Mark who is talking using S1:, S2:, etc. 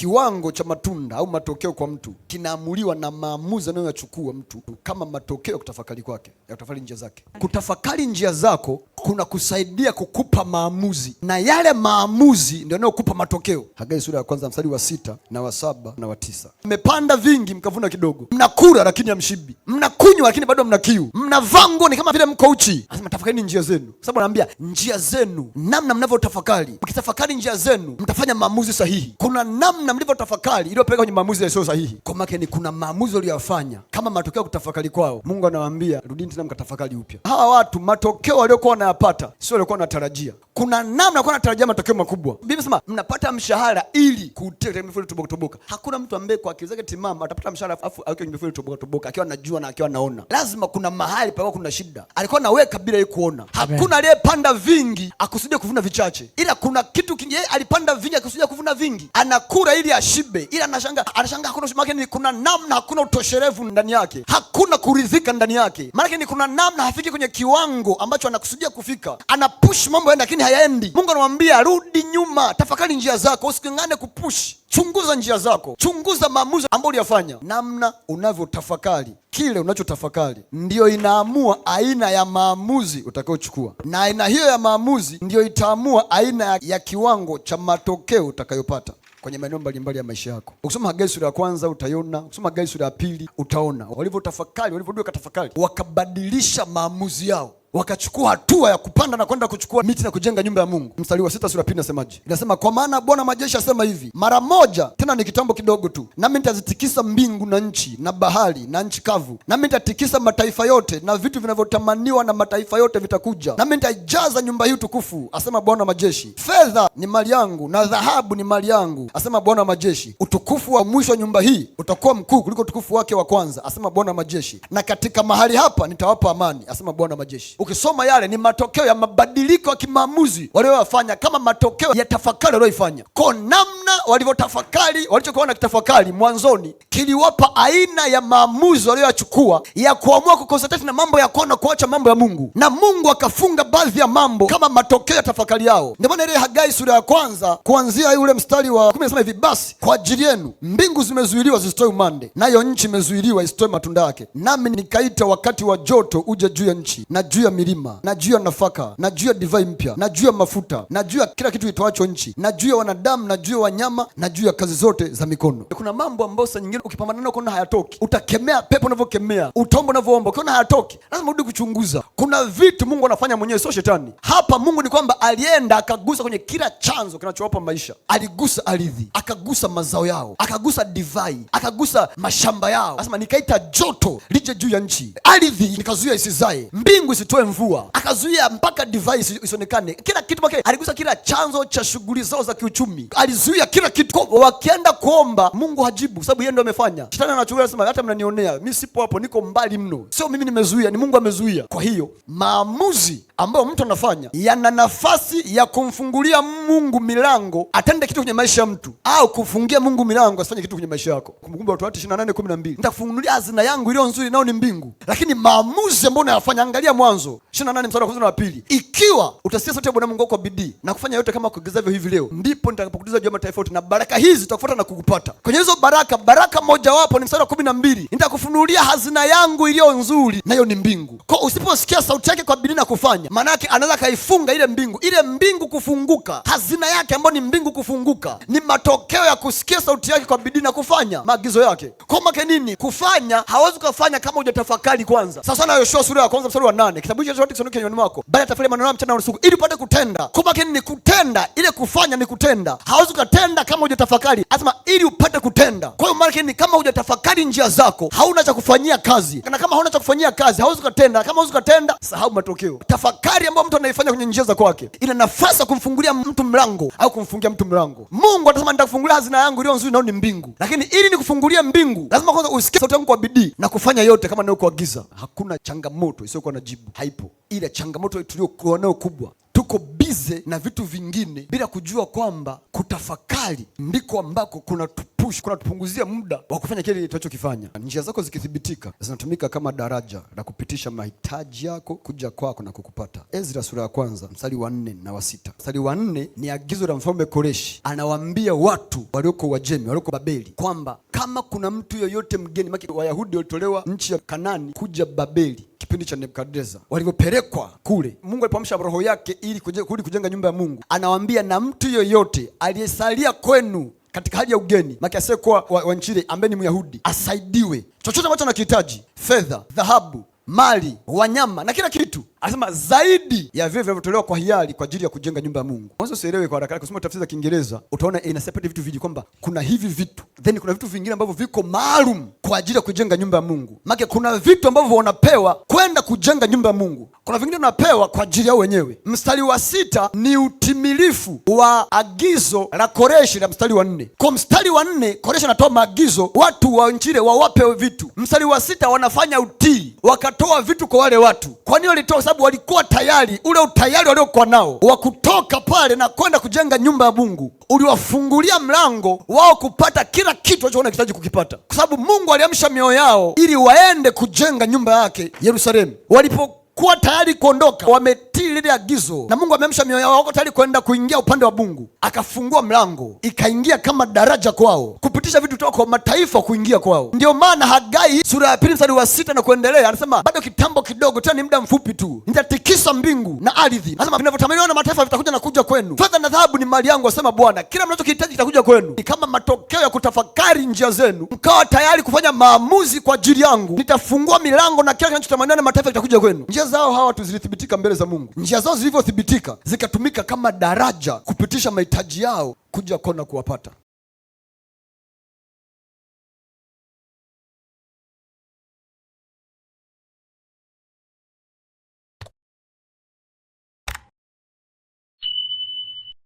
S1: kiwango cha matunda au matokeo kwa mtu kinaamuliwa na maamuzi anayoyachukua mtu kama matokeo ya kutafakari kwake, ya kutafakari njia zake. Kutafakari njia zako kuna kusaidia kukupa maamuzi, na yale maamuzi ndio yanayokupa matokeo. Hagai sura ya kwanza mstari wa sita na wa saba na wa tisa mmepanda vingi mkavuna kidogo, mnakula lakini hamshibi, mnakunywa lakini bado mna kiu, mnavaa nguo ni kama vile mko uchi. Anasema tafakareni njia zenu, kwa sababu anaambia njia zenu, namna mnavyotafakari. Mkitafakari njia zenu, mtafanya maamuzi sahihi. Kuna namna namna mlivyo tafakari iliyopeleka kwenye maamuzi yasiyo sahihi. Kwa maana kuna maamuzi waliyofanya kama matokeo ya kutafakari kwao, Mungu anawaambia rudini tena mkatafakari upya. Hawa watu matokeo waliokuwa wanayapata sio waliokuwa wanatarajia. Kuna namna kwa natarajia matokeo makubwa. Biblia inasema mnapata mshahara ili kutia mifuli toboka toboka. Hakuna mtu ambaye kwa akili zake timamu atapata mshahara afu akiwa kwenye mifuli toboka toboka, akiwa anajua na akiwa anaona. Lazima kuna mahali pa kuna shida. Alikuwa anaweka bila yeye kuona. Hakuna aliyepanda vingi akusudia kuvuna vichache, ila kuna kitu kingi. Alipanda vingi akusudia kuvuna vingi, anakula ili ashibe, ila anashanga anashanga hakuna maana ni kuna namna, hakuna utosherevu ndani yake, hakuna kuridhika ndani yake. Maana ni kuna namna hafiki kwenye kiwango ambacho anakusudia kufika, push mambo yaende, lakini hayaendi. Mungu anamwambia rudi nyuma, tafakari njia zako, usikingane kupush Chunguza njia zako, chunguza maamuzi ambayo uliyafanya. Namna unavyotafakari kile unachotafakari ndiyo inaamua aina ya maamuzi utakayochukua, na aina hiyo ya maamuzi ndiyo itaamua aina ya kiwango cha matokeo utakayopata kwenye maeneo mbalimbali ya maisha yako. Ukisoma Hagai sura ya kwanza utaiona, ukisoma Hagai sura ya pili utaona walivyotafakari, walivyodua katafakari, wakabadilisha maamuzi yao wakachukua hatua ya kupanda na kwenda kuchukua miti na kujenga nyumba ya Mungu. Mstari wa sita sura pili nasemaje? Inasema, kwa maana Bwana majeshi asema hivi, mara moja tena ni kitambo kidogo tu, nami nitazitikisa mbingu na nchi na bahari na nchi kavu, nami nitatikisa mataifa yote na vitu vinavyotamaniwa na mataifa yote vitakuja, nami nitaijaza nyumba hii tukufu, asema Bwana majeshi. Fedha ni mali yangu na dhahabu ni mali yangu, asema Bwana majeshi. Utukufu wa mwisho wa nyumba hii utakuwa mkuu kuliko utukufu wake wa kwanza, asema Bwana majeshi, na katika mahali hapa nitawapa amani, asema Bwana majeshi ukisoma yale ni matokeo ya mabadiliko ya kimaamuzi walioyafanya, kama matokeo ya tafakari walioifanya. Kwa namna walivyotafakari, walichokuwa na kitafakari mwanzoni kiliwapa aina ya maamuzi walioyachukua ya kuamua kukonsentrate na mambo ya kona na kuacha mambo ya Mungu, na Mungu akafunga baadhi ya mambo kama matokeo ya tafakari yao. Ndio maana ile Hagai sura ya kwanza kuanzia ule mstari wa kumi nasema hivi, basi kwa ajili yenu mbingu zimezuiliwa zisitoe umande, nayo nchi imezuiliwa isitoe matunda yake, nami nikaita wakati wa joto uje juu ya nchi na juu ya ya milima na juu ya nafaka na juu ya divai mpya na juu ya mafuta na juu ya kila kitu itoacho nchi na juu ya wanadamu na juu ya wanyama na juu ya kazi zote za mikono. Kuna mambo ambayo saa nyingine ukipambana nayo ukiona hayatoki, utakemea pepo unavyokemea, utaomba unavyoomba, ukiona hayatoki lazima urudi kuchunguza. Kuna vitu Mungu anafanya mwenyewe, sio shetani. Hapa Mungu ni kwamba alienda akagusa kwenye kila chanzo kinachowapa maisha. Aligusa ardhi, akagusa mazao yao, akagusa divai, akagusa mashamba yao. Anasema nikaita joto lije juu ya nchi, ardhi ikazuia isizae, mbingu isitoe isiwe mvua, akazuia mpaka device isionekane, kila kitu pake aligusa, kila chanzo cha shughuli zao za kiuchumi alizuia kila kitu. Wakienda kuomba Mungu hajibu, sababu yeye ndo amefanya. Shetani anachukua anasema, hata mnanionea mi, sipo hapo, niko mbali mno, sio mimi nimezuia, ni Mungu amezuia. Kwa hiyo maamuzi ambayo mtu anafanya yana nafasi ya kumfungulia Mungu milango atende kitu kwenye maisha ya mtu, au kufungia Mungu milango asifanye kitu kwenye maisha yako. Kumbukumbu Torati 28:12 nitakufunulia hazina yangu iliyo nzuri, nao ni mbingu. Lakini maamuzi ambayo unayafanya, angalia Mwanzo Mwanzo 28 mstari wa kwanza na pili, ikiwa utasikia sauti ya Bwana Mungu wako kwa bidii na kufanya yote kama kuagizavyo hivi leo, ndipo nitakapokutuliza juu ya mataifa yote, na baraka hizi zitakufuata na kukupata. Kwenye hizo baraka, baraka mojawapo ni mstari wa kumi na mbili, nitakufunulia hazina yangu iliyo nzuri, nayo ni mbingu. Kwa usiposikia sauti yake kwa bidii na kufanya, maana yake anaweza akaifunga ile mbingu. Ile mbingu kufunguka, hazina yake ambayo ni mbingu kufunguka, ni matokeo ya kusikia sauti yake kwa bidii na kufanya maagizo yake. Kwa maana nini? Kufanya hawezi ukafanya kama hujatafakari kwanza. Sasa na Yoshua sura ya kwanza mstari wa nane kitabu Sababisho zote kisonoki kinywani mwako, bali atafeli maneno yao mchana na usiku, ili upate kutenda. Kwa makini ni kutenda, ile kufanya ni kutenda. Hauwezi kutenda kama hujatafakari, lazima ili upate kutenda. Kwa hiyo makini, kama hujatafakari njia zako, hauna cha kufanyia kazi, na kama hauna cha kufanyia kazi, hauwezi kutenda. Kama hauwezi kutenda, sahau matokeo. Tafakari ambayo mtu anaifanya kwenye njia za kwake ina nafasi ya kumfungulia mtu mlango au kumfungia mtu mlango. Mungu atasema nitakufungulia hazina yangu iliyo nzuri, nao ni mbingu. Lakini ili nikufungulie mbingu, lazima kwanza usikie sauti yangu kwa bidii na kufanya yote kama ninayokuagiza. Hakuna changamoto isiyokuwa na jibu haipo, ila changamoto tuliokuwa nayo kubwa tuko bize na vitu vingine bila kujua kwamba kutafakari ndiko ambako kuna tupush, kuna tupunguzia muda wa kufanya kile tunachokifanya. Njia zako zikithibitika zinatumika kama daraja la kupitisha mahitaji yako kuja kwako na kukupata. Ezra sura ya kwanza mstari wa nne na wa sita. Mstari wa nne ni agizo la mfalme Koreshi, anawaambia watu walioko Uajemi, walioko Babeli kwamba kama kuna mtu yoyote mgeni, maki Wayahudi walitolewa nchi ya Kanani kuja Babeli kipindi cha Nebukadreza, walivyopelekwa kule, Mungu alipoamsha roho yake ili kurudi kujenga nyumba ya Mungu, anawaambia na mtu yoyote aliyesalia kwenu katika hali ya ugeni makiasiyekuwa wa, wa nchi ile ambaye ni Myahudi asaidiwe chochote ambacho anakihitaji, fedha, dhahabu mali, wanyama na kila kitu. Anasema zaidi ya vile vinavyotolewa kwa hiari kwa ajili ya kujenga nyumba ya Mungu. Mwanzo sielewe kwa haraka, kusoma tafsiri za Kiingereza utaona ina separate vitu vingi, kwamba kuna hivi vitu then kuna vitu vingine ambavyo viko maalum kwa ajili ya kujenga nyumba ya Mungu. Maana kuna vitu ambavyo wanapewa kwenda kujenga nyumba ya Mungu, kuna vingine unapewa kwa ajili yao wenyewe. Mstari wa sita ni utimilifu wa agizo la Koreshi la mstari wa nne. Kwa mstari wa nne Koreshi anatoa maagizo watu wa Injili wawape vitu. Mstari wa sita wanafanya utii waka wakatoa vitu kwa wale watu. Kwa nini walitoa? Sababu walikuwa tayari, ule utayari waliokuwa nao wa kutoka pale na kwenda kujenga nyumba ya Mungu uliwafungulia mlango wao kupata kila kitu walichokuwa wanahitaji kukipata, kwa sababu Mungu aliamsha mioyo yao ili waende kujenga nyumba yake Yerusalemu. Walipokuwa tayari kuondoka wame kutii lile agizo, na Mungu ameamsha mioyo yao, wako tayari kwenda kuingia upande wa Mungu. Akafungua mlango, ikaingia kama daraja kwao, kupitisha vitu toka kwa mataifa kuingia kwao. ndio maana Hagai sura ya pili mstari wa sita na kuendelea anasema, bado kitambo kidogo, tena ni muda mfupi tu, nitatikisa mbingu na ardhi. Anasema, vinavyotamaniwa na mataifa vitakuja na kuja kwenu, fedha na dhahabu ni mali yangu, asema Bwana, kila mnachokihitaji kitakuja kwenu. Ni kama matokeo ya kutafakari njia zenu, mkawa tayari kufanya maamuzi kwa ajili yangu, nitafungua milango na kila kinachotamaniwa na mataifa kitakuja kwenu. Njia zao hawa tuzilithibitika mbele za Mungu njia zao zilivyothibitika zikatumika kama daraja kupitisha mahitaji yao kuja kona kuwapata.